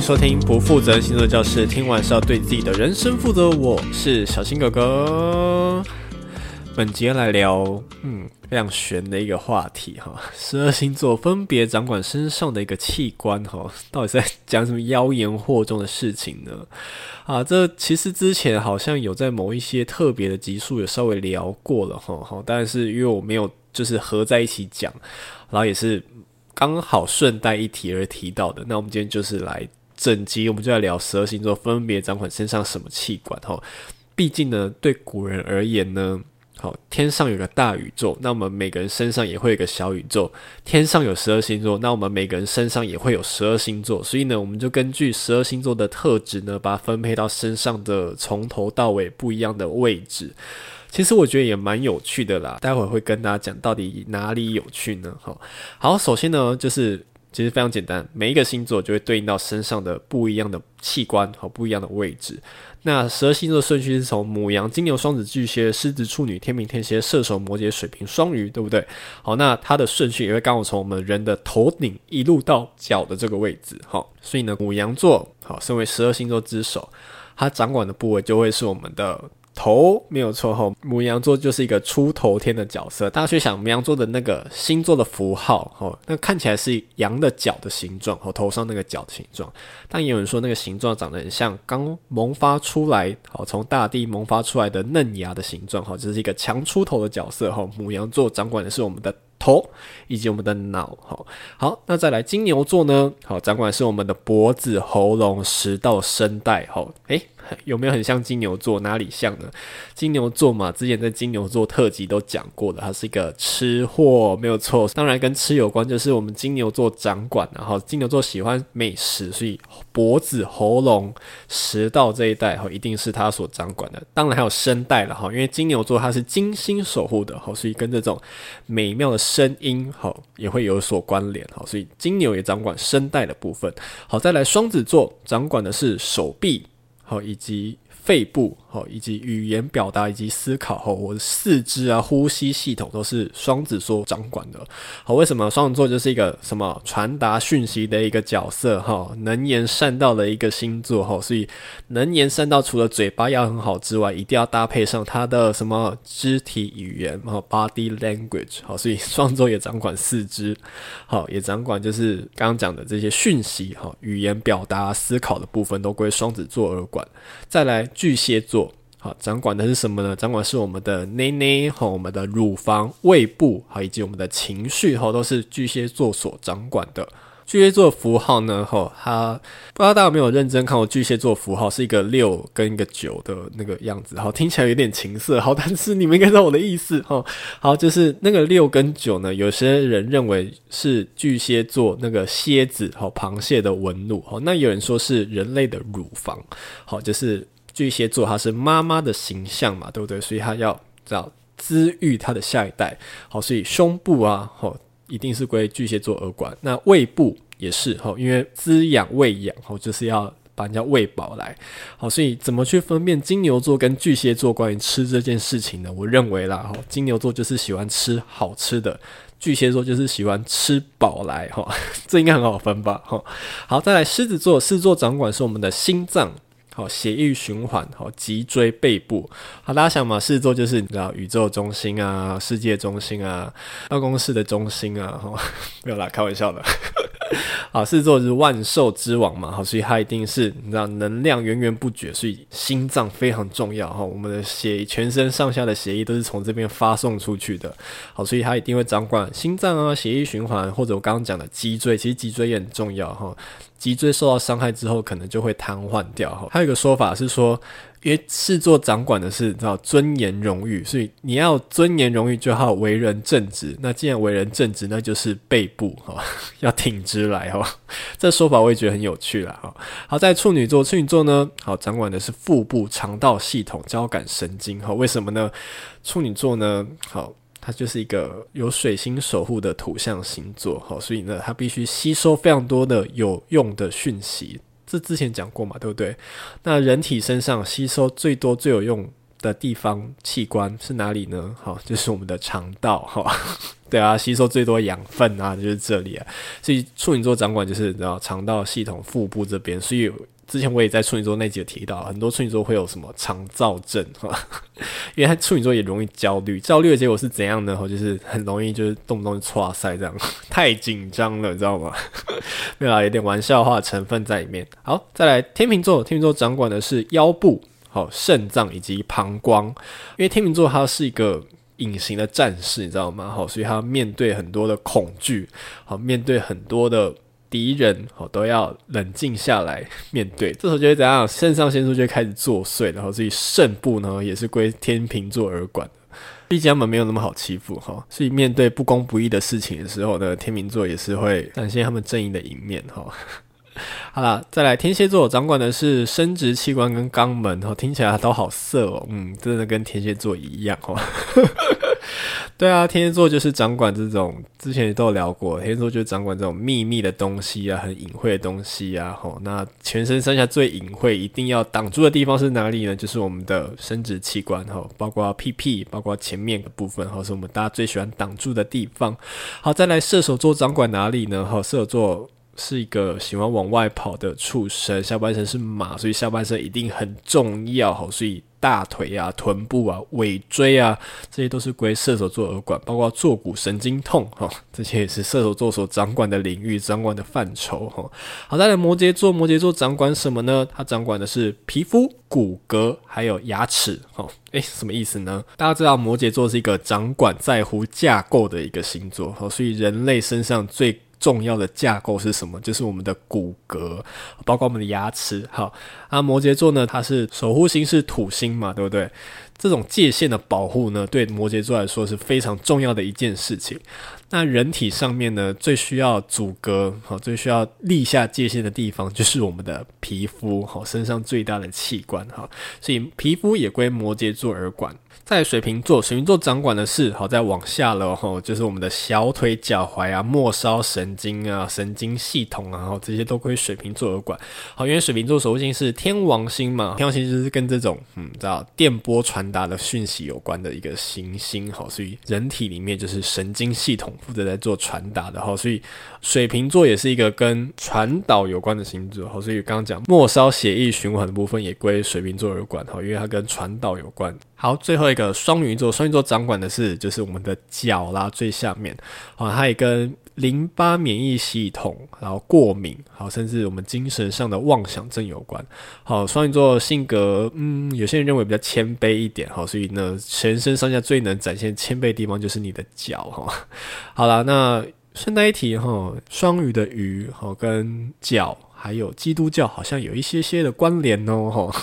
收聽不負責任星座教室，聽完是要對自己的人生負責我。我是小新哥哥，本集來聊，嗯，非常玄的一個話題哈。十二星座分別掌管身上的一個器官哈，到底是在講什麼妖言惑眾的事情呢？啊，這其實之前好像有在某一些特別的集數有稍微聊過了哈，哈，但是因為我沒有就是合在一起講，然後也是剛好順帶一提而提到的。那我們今天就是來。整集，我們就在聊十二星座分別掌管身上什麼器官哈，畢竟呢，對古人而言呢，好，天上有個大宇宙，那我們每個人身上也會有個小宇宙；天上有十二星座，那我們每個人身上也會有十二星座。所以呢，我們就根據十二星座的特質呢，把它分配到身上的從頭到尾不一樣的位置。其實我覺得也蠻有趣的啦，待會會跟大家講到底哪裡有趣呢？哈，好，首先呢就是。其實非常簡單，每一個星座就會對應到身上的不一樣的器官和不一樣的位置。那十二星座順序是從牡羊、金牛、雙子、巨蟹、獅子、處女、天秤、天蠍、射手、摩羯、水瓶、雙魚，對不對？好，那它的順序也會剛好從我們人的頭頂一路到腳的這個位置。好，所以呢，牡羊座好，身為十二星座之首，它掌管的部位就會是我們的。頭沒有錯吼、哦、牡羊座就是一個出頭天的角色。大家去想牡羊座的那個星座的符號哈、哦，那看起來是羊的角的形狀，哈、哦，頭上那個角的形狀。但也有人說那個形狀長得很像剛萌发出來，哈、哦，從大地萌发出來的嫩芽的形狀哈，這、哦就是一個強出頭的角色吼、哦。牡羊座掌管的是我們的頭以及我們的腦哈、哦。好，那再來金牛座呢？好、哦，掌管的是我們的脖子、喉嚨、食道、聲帶哈。誒、哦。欸有沒有很像金牛座？哪裡像呢？金牛座嘛，之前在金牛座特輯都講過的，它是一個吃貨，沒有錯。當然跟吃有關，就是我們金牛座掌管，啊。然後金牛座喜歡美食，所以脖子、喉嚨、食道這一帶，一定是它所掌管的。當然還有聲帶了，哈，因為金牛座它是金星守護的，哈，所以跟這種美妙的聲音，哈，也會有所關聯，哈，所以金牛也掌管聲帶的部分。好，再來雙子座掌管的是手臂。好，以及肺部哈以及語言表達以及思考哈，我的四肢啊呼吸系統都是雙子座掌管的。好，為什麼雙子座就是一個什麼傳達訊息的一個角色哈，能言善道的一個星座哈，所以能言善道除了嘴巴要很好之外，一定要搭配上他的什麼肢體語言啊，body language。好，所以雙子座也掌管四肢，好也掌管就是剛剛講的這些訊息哈，語言表達思考的部分都歸雙子座而管。再來。巨蟹座，好，掌管的是什麼呢？掌管是我們的奶奶和我們的乳房、胃部，以及我們的情緒，哈，都是巨蟹座所掌管的。巨蟹座符號呢，哈，它不知道大家有沒有認真看過？巨蟹座符號是一個六跟一個九的那個樣子，哈，聽起來有點情色，好，但是你們應該知道我的意思，哈，好，就是那個六跟九呢，有些人認為是巨蟹座那個蠍子和螃蟹的紋路，好，那有人說是人類的乳房，好，就是。巨蟹座，它是媽媽的形象嘛，對不對？所以它要要滋育它的下一代，好，所以胸部啊，好、哦，一定是歸巨蟹座而管。那胃部也是，哈、哦，因為滋養餵養，哈、哦，就是要把人家餵飽來。好，所以怎麼去分辨金牛座跟巨蟹座關於吃這件事情呢？我認為啦，哈、哦，金牛座就是喜歡吃好吃的，巨蟹座就是喜歡吃飽來，哈、哦，這應該很好分吧，哈、哦。好，再來獅子座，獅子座掌管是我們的心臟。好，血液循環，好，脊椎背部。好，大家想嘛，獅子座就是你知道宇宙中心啊，世界中心啊，辦公室的中心啊，哈、啊哦，沒有啦，開玩笑的。好，獅子座是萬獸之王嘛，好，所以他一定是你知道能量源源不絕，所以心臟非常重要哈。我們的血，全身上下的血液都是從這邊發送出去的。好，所以他一定會掌管心臟啊，血液循環，或者我剛剛講的脊椎，其實脊椎也很重要哈。脊椎受到傷害之後，可能就會癱瘓掉哈。還有一個說法是說，因為獅子座掌管的是，叫尊嚴、榮譽，所以你要尊嚴、榮譽，就要為人正直。那既然為人正直，那就是背部哈、哦、要挺直來哈、哦。這說法我也覺得很有趣了哈、哦。好，在處女座，處女座呢，好掌管的是腹部、腸道系統、交感神經哈、哦。為什麼呢？處女座呢，好，它就是一個有水星守護的土象星座哈、哦，所以呢，它必須吸收非常多的有用的訊息。這之前講過嘛，對不對？那人體身上吸收最多最有用的地方器官是哪裡呢？好、哦，就是我們的腸道哈。哦、 對啊，吸收最多養分啊，就是這裡啊。所以處女座掌管就是然後腸道系統、腹部這邊。所以有之前我也在處女座那集提到，很多處女座會有什麼腸躁症哈，因為他處女座也容易焦慮，焦慮的結果是怎樣呢？就是很容易就是動不動就哇塞這樣，太緊張了，你知道嗎？呵呵，沒有啦，有點玩笑話的成分在裡面。好，再來天秤座，天秤座掌管的是腰部、好、哦、腎臟以及膀胱，因為天秤座它是一個隱形的戰士，你知道嗎？好、哦，所以它面對很多的恐懼，好、哦，面對很多的。敵人哦，都要冷靜下來面對，這時候就會怎樣？腎上腺素就會開始作祟，然後所以腎部呢也是歸天秤座而管。畢竟他們沒有那麼好欺負哈，所以面對不公不義的事情的時候呢，天秤座也是會展現他們正義的一面哈。好了，再來天蠍座我掌管的是生殖器官跟肛門，哦，聽起來都好色哦、喔，嗯，真的跟天蠍座一樣哈。對啊，天蠍座就是掌管這種，之前也都有聊過，天蠍座就是掌管這種秘密的東西啊，很隱晦的東西啊。吼，那全身上下最隱晦、一定要擋住的地方是哪裡呢？就是我們的生殖器官，吼，包括屁屁，包括前面的部分，吼，是我們大家最喜歡擋住的地方。好，再來射手座掌管哪裡呢？吼，射手座是一個喜歡往外跑的畜生，下半身是馬，所以下半身一定很重要。吼，所以。大腿啊、臀部啊、尾椎啊，這些都是歸射手座而管，包括坐骨神經痛哈、哦，這些也是射手座所掌管的領域、掌管的範疇哈、哦。好，再來，摩羯座，摩羯座掌管什麼呢？它掌管的是皮膚、骨骼還有牙齒哈、哦。誒，什麼意思呢？大家知道摩羯座是一個掌管在乎架構的一個星座哈、哦，所以人類身上最……重要的架構是什麼？就是我們的骨骼，包括我們的牙齒。好，啊，摩羯座呢，它是守護星是土星嘛，對不對？這種界限的保護呢，對摩羯座來說是非常重要的一件事情。那人體上面呢，最需要阻隔，好，最需要立下界限的地方，就是我們的皮膚，好，身上最大的器官哈，所以皮膚也歸摩羯座而管。在水瓶座，水瓶座掌管的是，好再往下了哈、哦，就是我們的小腿、腳踝啊、末梢神經啊、神經系統啊，然後這些都歸水瓶座有管。好，因為水瓶座守護星是天王星嘛，天王星就是跟這種嗯，知道電波傳達的訊息有關的一個行星。好，所以人體裡面就是神經系統負責在做傳達的哈，所以水瓶座也是一個跟傳導有關的星座。好，所以剛剛講末梢血液循環的部分也歸水瓶座有管哈，因為它跟傳導有關。好，最。最後一個雙魚座，雙魚座掌管的是就是我們的腳啦，最下面，好，它也跟淋巴免疫系統，然後過敏，好，甚至我們精神上的妄想症有關。好，雙魚座性格，嗯，有些人認為比較謙卑一點，好，所以呢，全身上下最能展現謙卑的地方就是你的腳，哈，好啦，那順帶一提哈，雙魚的魚，好跟腳。還有基督教好像有一些些的關聯哦，吼，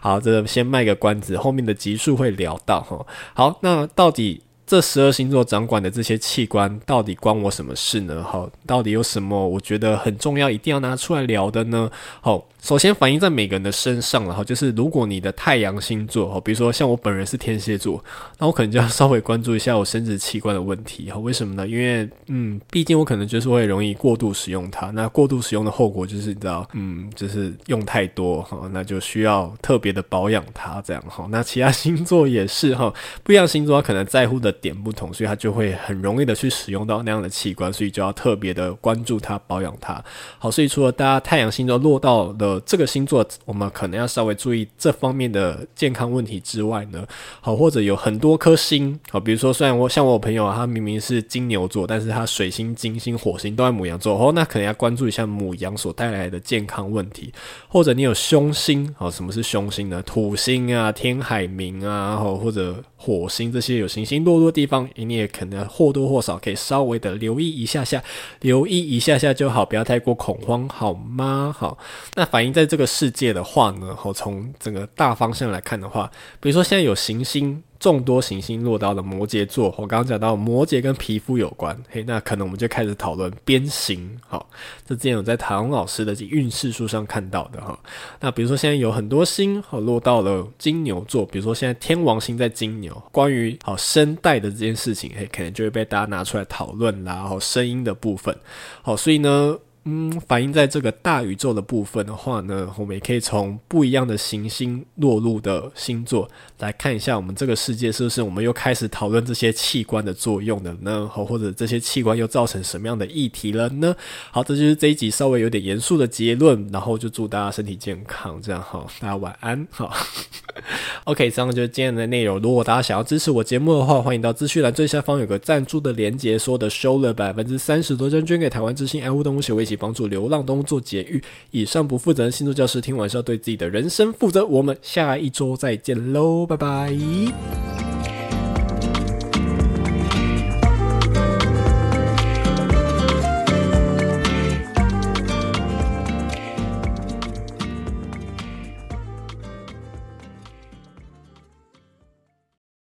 好，這個，先賣個關子，後面的集數會聊到，吼，好，那到底，這十二星座掌管的這些器官到底關我什麼事呢？哈，到底有什麼我覺得很重要，一定要拿出來聊的呢？好，首先反映在每個人的身上了哈，就是如果你的太陽星座哈，比如說像我本人是天蠍座，那我可能就要稍微關注一下我生殖器官的問題哈。為什麼呢？因為嗯，畢竟我可能就是會容易過度使用它，那過度使用的後果就是你知道嗯，就是用太多哈，那就需要特別的保養它這樣哈。那其他星座也是哈，不一樣星座可能在乎的。點不同，所以它就會很容易的去使用到那樣的器官，所以就要特別的關注它、保養它。好，所以除了大家太陽星座落到的這個星座，我們可能要稍微注意這方面的健康問題之外呢，好，或者有很多顆星，好，比如說雖然我像我朋友、啊、他明明是金牛座，但是他水星、金星、火星都在牡羊座，哦，那可能要關注一下牡羊所帶來的健康問題，或者你有凶星啊、哦？什麼是凶星呢？土星啊、天海冥啊，然、哦、後或者火星這些有行星，星落入。多地方你也可能或多或少可以稍微的留意一下下，留意一下下就好，不要太過恐慌，好嗎？好，那反映在這個世界的話呢，好，從整個大方向來看的話，比如說現在有行星。眾多行星落到了摩羯座，我剛剛講到摩羯跟皮膚有關，嘿，那可能我們就開始討論鞭刑。好，這之前有在唐老師的運勢書上看到的哈。那比如說現在有很多星好落到了金牛座，比如說現在天王星在金牛，關於好聲帶的這件事情，嘿，可能就會被大家拿出來討論啦，好，聲音的部分，好，所以呢。嗯，反映在這個大宇宙的部分的話呢，我們也可以從不一樣的行星落入的星座來看一下，我們這個世界是不是我們又開始討論這些器官的作用了呢？或或者這些器官又造成什麼樣的議題了呢？好，這就是這一集稍微有點嚴肅的結論。然後就祝大家身體健康，這樣哈，大家晚安。好 ，OK，這、so, 樣就是今天的內容。如果大家想要支持我節目的話，歡迎到資訊欄最下方有個贊助的連結，說的收了百分之三十多，將捐給台灣之心愛護動物協會。幫助流浪動物做節育。以上不負責星座教師，聽完是要對自己的人生負責。我們下一周再見嘍，拜拜。